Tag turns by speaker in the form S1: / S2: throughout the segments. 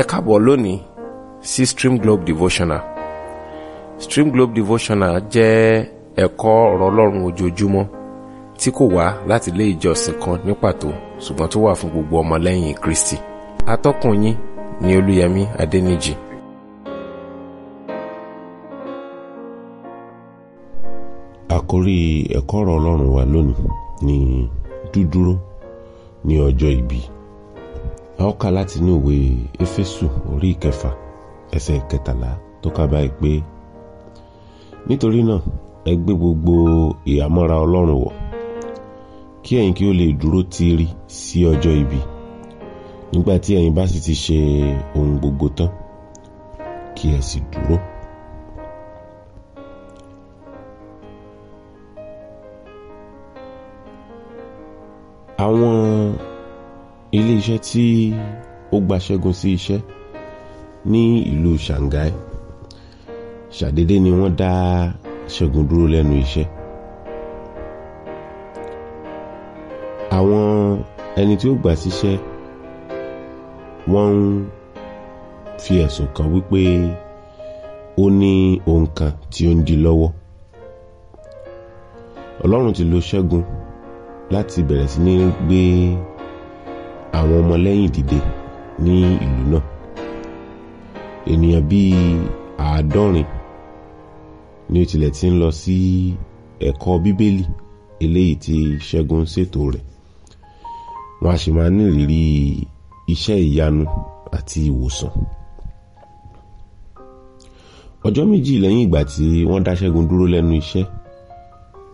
S1: ẹ káàbọ̀ lónìí sí Stream Globe Devotional Stream Globe Devotional jẹ́ ẹ̀kọ́ ọ̀rọ̀ ọlọ́run ojoojúmọ́ tí kò wá láti ilé ìjọsìn kan ní pàtó ṣùgbọ́n tó wà fún gbogbo ọmọlẹ́yìn Kristi atọ́kùn yín ni Olúyẹmí Adẹ́nìjì.
S2: àkórí ẹ̀kọ́ ọ̀rọ̀ ọlọ́run wa lónìí ni dúdúró ní ọjọ́ ibi a ó kà láti inú ìwé éfésù orí ìkẹfà ẹsẹ̀ ìkẹtàlá tó kà báyìí pé nítorí náà ẹ gbé gbogbo ìhámọ́ra ọlọ́run wọ̀ kí ẹ̀yin kí ó lè dúró tiiri sí ọjọ́ ibi nígbà tí ẹ̀yin bá sì ti ṣe ohun gbogbo tán kí ẹ sì dúró. àwọn ilé-iṣẹ́ tí ó gba sí iṣẹ́ ní ìlú Shanghai ṣàdédé ni wọ́n dá Ṣẹ́gun dúró lẹ́nu iṣẹ́ àwọn ẹni tí ó gbà síṣẹ́ wọ́n ń fi ẹ̀sùn kàn wípé ó ní ohun kan tí ó ń di lọ́wọ́ Ọlọ́run ti lò Ṣẹ́gun láti bẹ̀rẹ̀ sí ní gbé àwọn ọmọlẹ́yìn dìde ní ìlú náà ènìyàn bíi àádọ́rin ní ó tilẹ̀ ti ń lọ sí ẹ̀kọ́ bíbélì eléyìí tí ṣẹ́gun ṣètò rẹ̀ wọ́n a sì máa ní ìrírí iṣẹ́ ìyanu àti ìwòsàn ọjọ́ méjì lẹ́yìn ìgbà tí wọ́n dá ṣẹ́gun dúró lẹ́nu iṣẹ́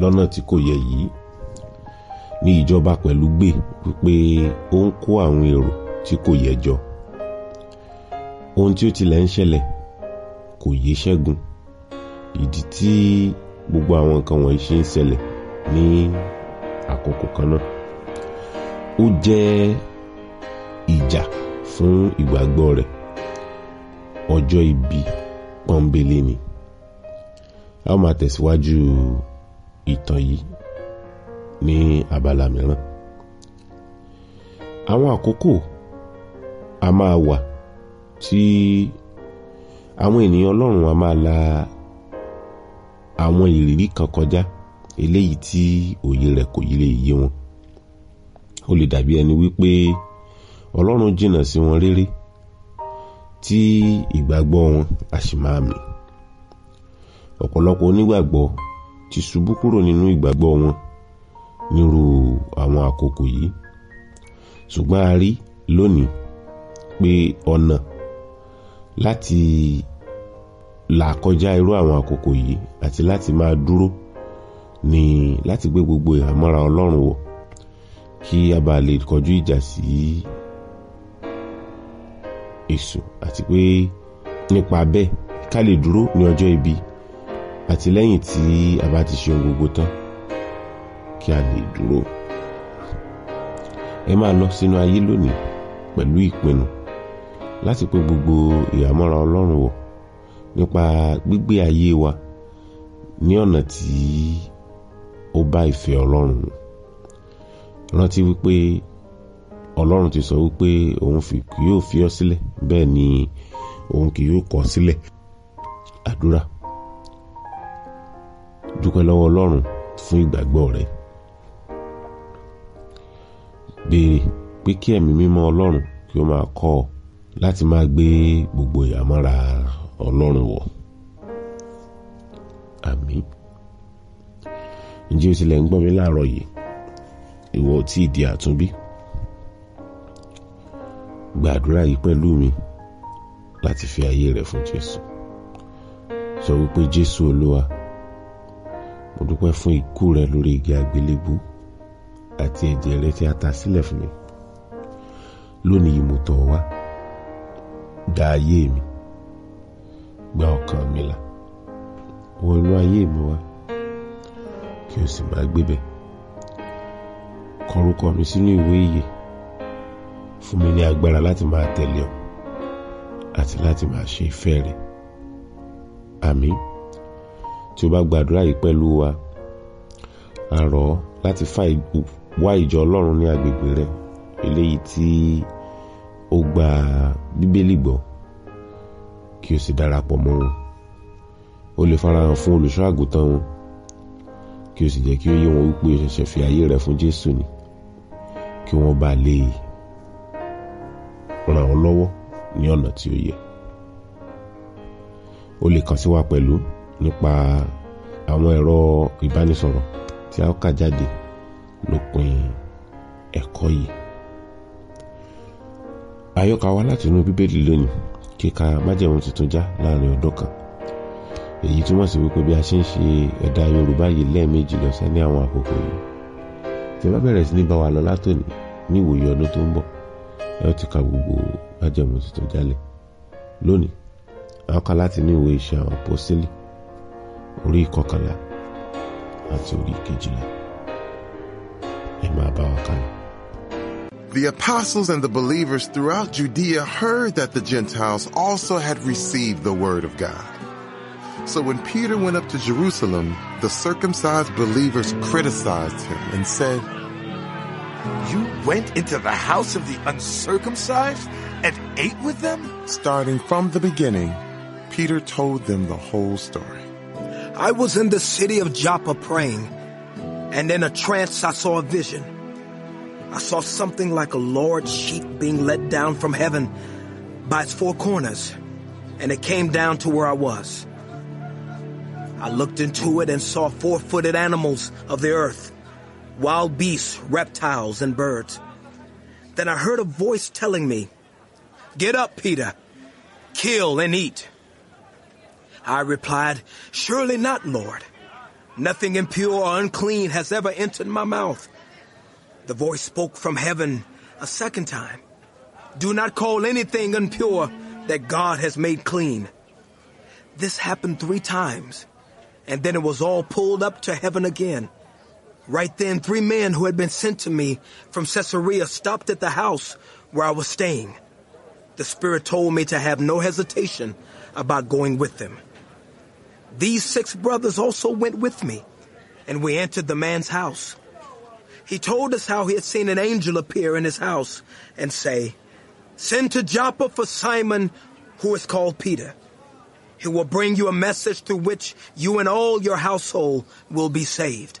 S2: lọ́nà tí kò yẹ yìí ní ìjọba pẹ̀lú gbè wípé ó ń kó àwọn èrò tí kò yẹ jọ ohun tí ó tilẹ̀ ń ṣẹlẹ̀ kò yé ṣẹ́gun ìdí tí gbogbo àwọn nǹkan wọ̀nyí ṣe ń ṣẹlẹ̀ ní àkókò kan náà ó jẹ́ ìjà fún ìgbàgbọ́ rẹ̀ ọjọ́ ibi pọ́nbélé ni a ó máa tẹ̀síwájú ìtàn yìí ní abala mìíràn àwọn àkókò a máa wà tí àwọn ènìyàn ọlọ́run a máa la àwọn ìrírí kan kọjá eléyìí tí òye rẹ̀ kò yí lè yé wọn ó lè dàbí ẹni wípé ọlọ́run jìnnà sí wọn réré tí ìgbàgbọ́ wọn a sì máa mì ọ̀pọ̀lọpọ̀ onígbàgbọ́ ti ṣubú kúrò nínú ìgbàgbọ́ wọn nírú àwọn àkókò yìí ṣùgbọ́n a rí lónìí pé ọ̀nà láti là kọjá irú àwọn àkókò yìí àti láti máa dúró ni láti gbé gbogbo ìhámọ́ra Ọlọ́run wọ̀ kí a bá lè kọjú ìjà sí èṣù àti pé nípa bẹ́ẹ̀ ká lè dúró ní ọjọ́ ibi àti lẹ́yìn tí a bá ti ṣe ohun gbogbo tán kí a lè dúró. ẹ máa lọ sínú ayé lónìí pẹ̀lú ìpinnu láti pé gbogbo ìhámọ́ra ọlọ́run wọ̀ nípa gbígbé ayé wa ní ọ̀nà tí ó bá ìfẹ́ ọlọ́run mu rántí wípé ọlọ́run ti sọ wípé òun kì yóò fi ọ́ sílẹ̀ bẹ́ẹ̀ ni òun kì yóò kọ̀ sílẹ̀ àdúrà dúpẹ́ lọ́wọ́ ọlọ́run fún ìgbàgbọ́ rẹ̀ béèrè pé kí ẹ̀mí mímọ́ ọlọ́run kí ó máa kọ́ ọ láti máa gbé gbogbo ìhámọ́ra ọlọ́run wọ̀ àmín ǹjẹ́ o tilẹ̀ ń gbọ́ mi láàárọ̀ yìí ìwọ ò tí ì di àtúnbí gbàdúrà yìí pẹ̀lú mi láti fi ayé rẹ fún Jésù sọ wípé Jésù Olúwa mo dúpẹ́ fún ikú rẹ lórí igi àgbélébú àti ẹ̀jẹ̀ rẹ tí a ta sílẹ̀ fún mi lónìí mo tọ̀ wá gba ayé mi gba ọkàn mi là wọ inú ayé mi wá kí o sì máa gbébẹ̀ kọrúkọ mi sínú ìwé ìyè fún mi ní agbára láti máa tẹ̀lé ọ àti láti máa ṣe ìfẹ́ rẹ àmín tí o bá gbàdúrà yìí pẹ̀lú wa a rọ̀ ọ́ láti fà wá ìjọ ọlọ́run ní agbègbè rẹ eléyìí tí ó gba bíbélì gbọ́ kí o sì darapọ̀ mọ́ wọn o lè farahàn fún olùṣọ́ àgùntàn wọn kí o sì jẹ́ kí ó yé wọn wípé o ṣẹ̀ṣẹ̀ fi ayé rẹ fún jésù ni kí wọ́n bá lè ràn ọ́ lọ́wọ́ ní ọ̀nà tí ó yẹ o lè kàn sí wa pẹ̀lú nípa àwọn ẹ̀rọ ìbánisọ̀rọ̀ tí a ó kà jáde lópin ẹ̀kọ́ yìí. àyọkà wa láti inú bíbélì lónìí kíka májẹ̀mú tuntun já láàrin ọdún kan èyí túmọ̀ sí wípé bí a ṣe ń ṣe ẹ̀dà yorùbá yìí lẹ́ẹ̀mejì lọ́sẹ̀ ní àwọn àkókò yìí tí ẹ bá bẹ̀rẹ̀ sí ní bá wa lọ látòní ní ìwòye ọdún tó ń bọ̀ ẹ ó ti ka gbogbo májẹ̀mú tuntun jálẹ̀ lónìí a kà láti ní ìwé iṣẹ́ àwọn apọ́sítélì orí ìkọkànlá àti orí ìkejìlá.
S3: The apostles and the believers throughout Judea heard that the Gentiles also had received the word of God. So when Peter went up to Jerusalem, the circumcised believers criticized him and said, You
S4: went into the house of the
S3: uncircumcised and ate with them? Starting from the beginning, Peter told them the whole story. I
S4: was in the city of Joppa praying and in a trance, I saw a vision. I saw something like a large sheep being let down from heaven by its four corners, and it came down to where I was. I looked into it and saw four footed animals of the earth, wild beasts, reptiles, and birds. Then I heard a voice telling me, Get up, Peter, kill and eat. I replied, Surely not, Lord. Nothing impure or unclean has ever entered my mouth. The voice spoke from heaven a second time. Do not call anything impure that God has made clean. This happened three times, and then it was all pulled up to heaven again. Right then, three men who had been sent to me from Caesarea stopped at the house where I was staying. The Spirit told me to have no hesitation about going with them. These six brothers also went with me, and we entered the man's house. He told us how he had seen an angel appear in his house and say, Send to Joppa for Simon, who is called Peter. He will bring you a message through which you and all your household will be saved.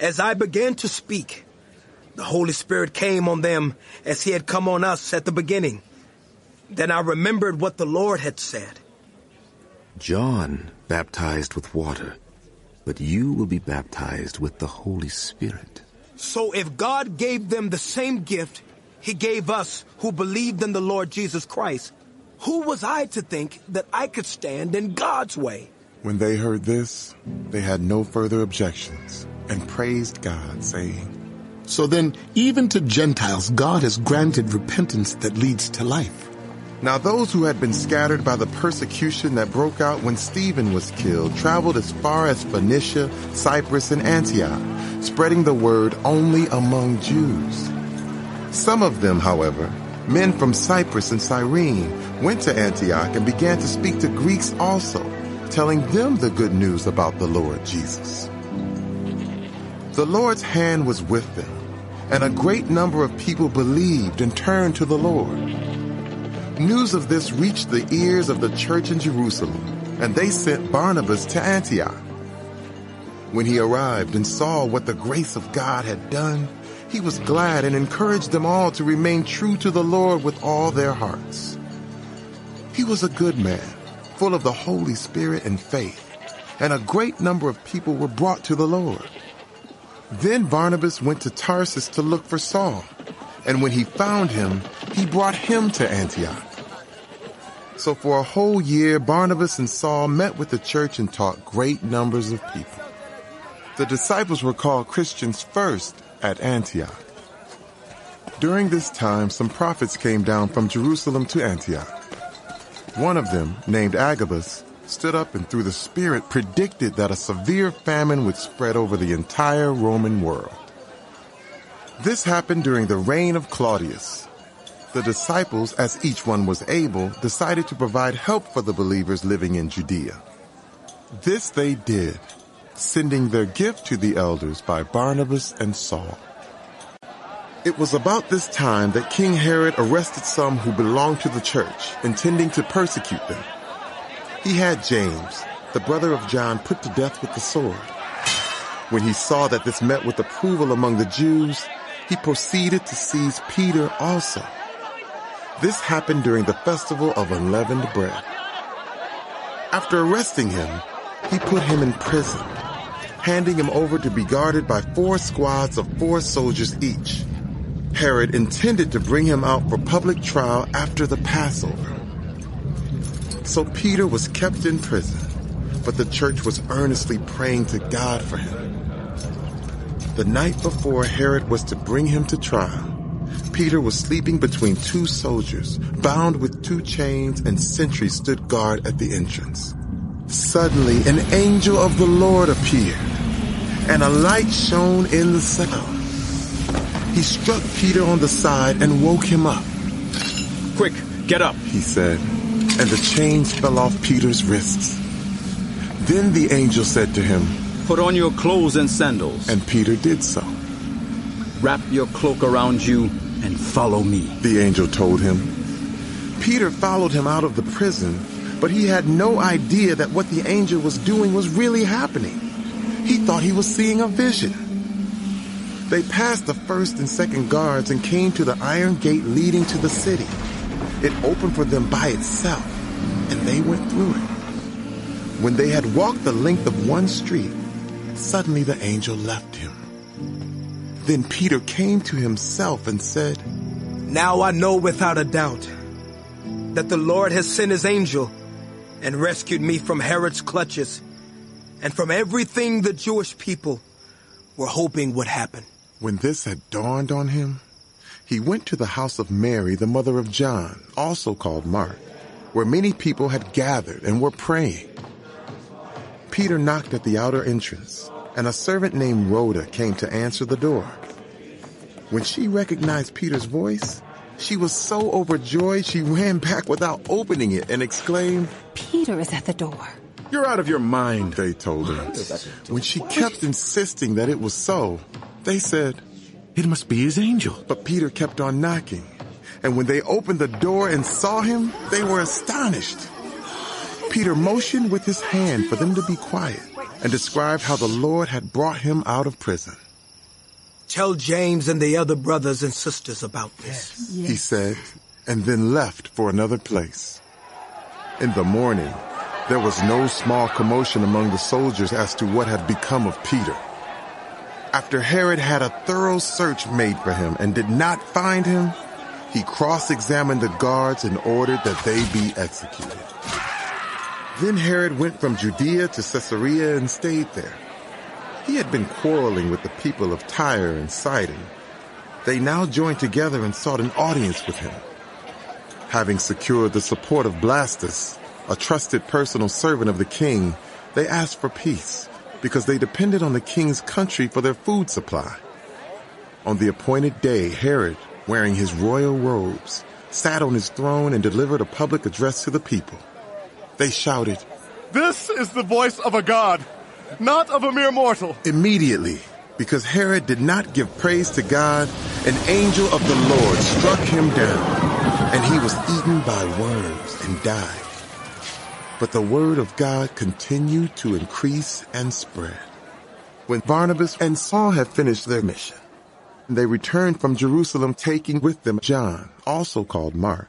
S4: As I began to speak, the Holy Spirit came on them as he had come on us at the beginning. Then I remembered what the Lord had said.
S2: John baptized with water, but you will be baptized with the Holy Spirit.
S4: So if God gave them the same gift he gave us who believed in the Lord Jesus Christ, who was I to think that I could stand in God's way?
S3: When they heard this, they had no further objections and praised God, saying, So then, even to Gentiles, God has granted repentance that leads to life. Now those who had been scattered by the persecution that broke out when Stephen was killed traveled as far as Phoenicia, Cyprus, and Antioch, spreading the word only among Jews. Some of them, however, men from Cyprus and Cyrene, went to Antioch and began to speak to Greeks also, telling them the good news about the Lord Jesus. The Lord's hand was with them, and a great number of people believed and turned to the Lord. News of this reached the ears of the church in Jerusalem, and they sent Barnabas to Antioch. When he arrived and saw what the grace of God had done, he was glad and encouraged them all to remain true to the Lord with all their hearts. He was a good man, full of the Holy Spirit and faith, and a great number of people were brought to the Lord. Then Barnabas went to Tarsus to look for Saul, and when he found him, he brought him to Antioch. So for a whole year, Barnabas and Saul met with the church and taught great numbers of people. The disciples were called Christians first at Antioch. During this time, some prophets came down from Jerusalem to Antioch. One of them, named Agabus, stood up and through the Spirit predicted that a severe famine would spread over the entire Roman world. This happened during the reign of Claudius. The disciples, as each one was able, decided to provide help for the believers living in Judea. This they did, sending their gift to the elders by Barnabas and Saul. It was about this time that King Herod arrested some who belonged to the church, intending to persecute them. He had James, the brother of John, put to death with the sword. When he saw that this met with approval among the Jews, he proceeded to seize Peter also. This happened during the festival of unleavened bread. After arresting him, he put him in prison, handing him over to be guarded by four squads of four soldiers each. Herod intended to bring him out for public trial after the Passover. So Peter was kept in prison, but the church was earnestly praying to God for him. The night before Herod was to bring him to trial, Peter was sleeping between two soldiers, bound with two chains, and sentries stood guard at the entrance. Suddenly, an angel of the Lord appeared, and a light shone in the cell. He struck Peter on the side and woke him up. Quick, get up, he said, and the chains fell off Peter's wrists. Then the angel said to him, Put on your clothes and sandals. And Peter did so. Wrap your cloak around you and follow me. The angel told him. Peter followed him out of the prison, but he had no idea that what the angel was doing was really happening. He thought he was seeing a vision. They passed the first and second guards and came to the iron gate leading to the city. It opened for them by itself, and they went through it. When they had walked the length of one street, suddenly the angel left him. Then Peter came to
S4: himself and said, Now I know without a doubt that the Lord has sent his angel and rescued me from Herod's clutches and from everything the Jewish people were hoping would happen.
S3: When this had dawned on him, he went to the house of Mary, the mother of John, also called Mark, where many people had gathered and were praying. Peter knocked at the outer entrance and a servant named Rhoda came to answer the door. When she recognized Peter's voice, she was so overjoyed she ran back without opening it and exclaimed, Peter is at the door. You're out of your mind, they told her. When she kept insisting that it was so, they said, It must be his angel. But Peter kept on knocking. And when they opened the door and saw him, they were astonished. Peter motioned with his hand for them to be quiet and described how the Lord had brought him out of prison. Tell James and the other
S4: brothers and sisters about this, yes.
S3: Yes. he said, and then left for another place. In the morning, there was no small commotion among the soldiers as to what had become of Peter. After Herod had a thorough search made for him and did not find him, he cross-examined the guards and ordered that they be executed. Then Herod went from Judea to Caesarea and stayed there. He had been quarreling with the people of Tyre and Sidon. They now joined together and sought an audience with him. Having secured the support of Blastus, a trusted personal servant of the king, they asked for peace because they depended on the king's country for their food supply. On the appointed day, Herod, wearing his royal robes, sat on his throne and delivered a public address to the people. They shouted, This is the voice of a god, not of a mere mortal. Immediately, because Herod did not give praise to God, an angel of the Lord struck him down, and he was eaten by worms and died. But the word of God continued to increase and spread. When Barnabas and Saul had finished their mission, they returned from Jerusalem taking with them John, also called Mark.